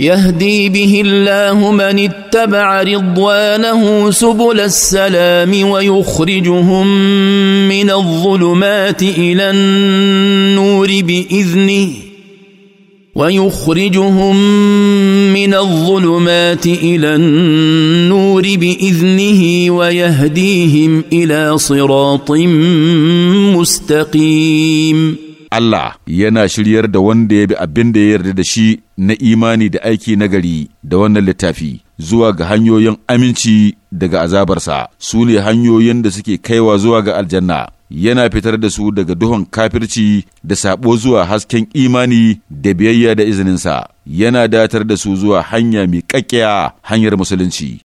يهدي به الله من اتبع رضوانه سبل السلام ويخرجهم من الظلمات الى النور باذنه ويخرجهم من الظلمات الى النور باذنه ويهديهم الى صراط مستقيم Allah yana shiryar da wanda ya bi abin da ya yarda da shi na imani da aiki nagari da wannan littafi zuwa ga hanyoyin aminci daga azabarsa su ne hanyoyin da suke kaiwa zuwa ga aljanna yana fitar da su daga duhun kafirci da sabo zuwa hasken imani da biyayya da izininsa yana datar da su zuwa hanya mai kakkiya hanyar musulunci